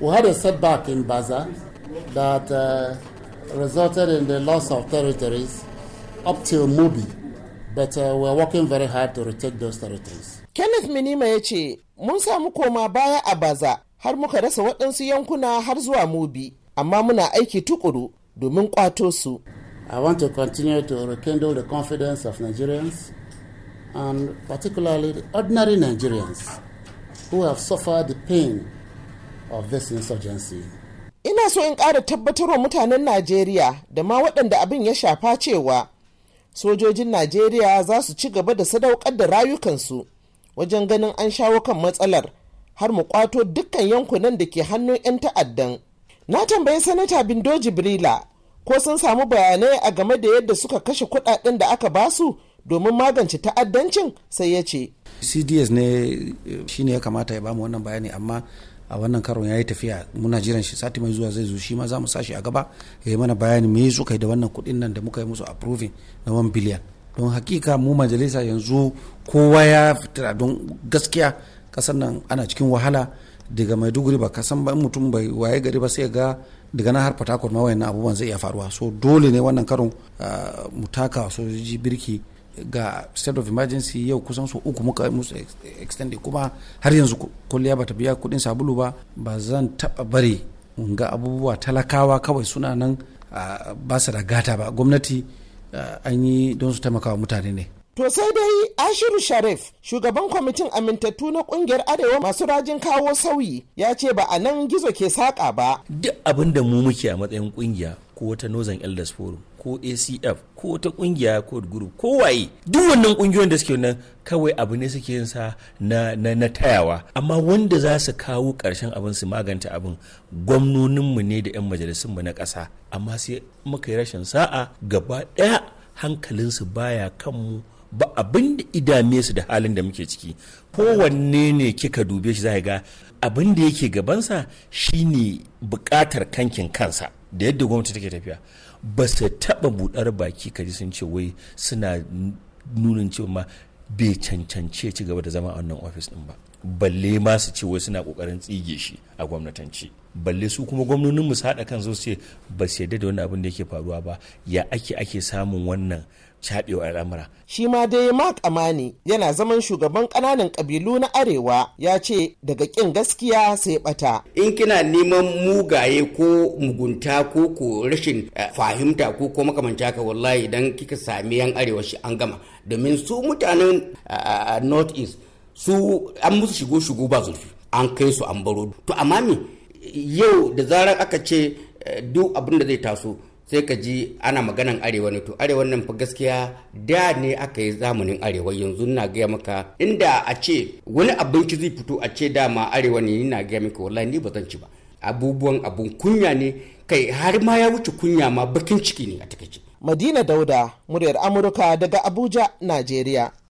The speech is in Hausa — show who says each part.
Speaker 1: We had a setback in Baza that uh, resulted in the loss of territories up till Mubi, but uh, we're working very hard to retake those territories. Kenneth Minima ya ce, Mun
Speaker 2: samu koma baya a Baza har muka rasa
Speaker 1: waɗansu yankuna har zuwa Mubi, amma muna aiki tukuru domin kwato su. I want to continue to rekindle the confidence of Nigerians and particularly the ordinary Nigerians who have suffered the pain of this insurgency. Ina so in ƙara tabbatarwa mutanen Najeriya da ma waɗanda abin
Speaker 2: ya shafa cewa sojojin Najeriya za su ci gaba da sadaukar da rayukansu wajen ganin an shawo kan matsalar har mu kwato dukkan yankunan da ke hannun 'yan ta'addan. Na tambayi Sanata Bindo Jibrila ko sun samu bayanai a game da yadda suka kashe kuɗaɗen da aka basu domin magance ta'addancin sai ya ce.
Speaker 3: CDS ne eh, shine ya kamata ya bamu wannan bayani amma a wannan karon ya yi tafiya muna jiran shi sati mai zuwa zai zo shi ma za mu shi a gaba ya yi mana bayani me suka yi da wannan kuɗin nan da muka yi musu approving na 1 billion don hakika mu majalisa yanzu kowa ya fitira don gaskiya kasan nan ana cikin wahala daga maiduguri ba kasan ba mutum bai waye gari ba sai ga daga na har port harcourt ma wayannan abubuwan zai iya faruwa so dole ne wannan karon ah, mu taka sojoji birki ga state of emergency yau kusan su uku muka musu extend kuma har yanzu kulliya ba ta biya kudin sabulu ba ba zan taba bari ga abubuwa talakawa kawai suna nan ba su da gata ba gwamnati an yi don su taimaka wa mutane ne
Speaker 2: To sai dai Ashiru Sharif, shugaban kwamitin amintattu na kungiyar Arewa masu rajin kawo sauyi, ya ce ba a nan
Speaker 4: gizo ke saƙa ba. Duk abin da mu muke a matsayin kungiya ko wata Northern Elders Forum ko ACF ko wata kungiya ko group ko waye duk wannan kungiyoyin da suke nan kawai abu ne suke yin sa na, na, tayawa amma wanda za su kawo ƙarshen abin su maganta abin gwamnoninmu ne da 'yan majalisunmu na ƙasa amma sai muka yi rashin sa'a gaba ɗaya hankalinsu baya kanmu mu ba abin da idame su da halin da muke ciki kowanne ne kika dube shi za ga abin da yake gabansa shine bukatar kankin kansa da yadda gwamnati take tafiya ba su taba budar baki kaji sun ce wai suna nunin cewa ma bai cancance ci gaba da zama a wannan ofis din ba balle ma su ce wai suna kokarin tsige shi a gwamnatanci balle su kuma gwamnonin mu haɗa kan su ce ba su yarda da wani abin da yake faruwa ba ya ake ake samun wannan shaɗewar al'amura. Shi
Speaker 2: ma dai Mark Amani yana zaman shugaban ƙananan ƙabilu na Arewa ya ce daga ƙin gaskiya sai ɓata.
Speaker 4: In
Speaker 5: kina neman mugaye ko mugunta ko ko rashin eh, fahimta ko ko makamanci haka wallahi idan kika sami yan Arewa shi an gama. Domin su mutanen North East su an musu shigo shigo ba zurfi an kai su an baro. To amma yau da zarar aka ce eh, duk abin da zai taso sai ka ji ana maganan arewa ne to arewa nan fa gaskiya da ne aka yi zamanin arewa yanzu na gaya maka inda a ce wani abinci zai fito a ce dama arewa ne na gaya maka wallahi ni ba zan ci ba abubuwan abun kunya ne kai har ma ya wuce kunya ma bakin ciki ne a takaice
Speaker 2: madina dauda muryar amurka daga abuja najeriya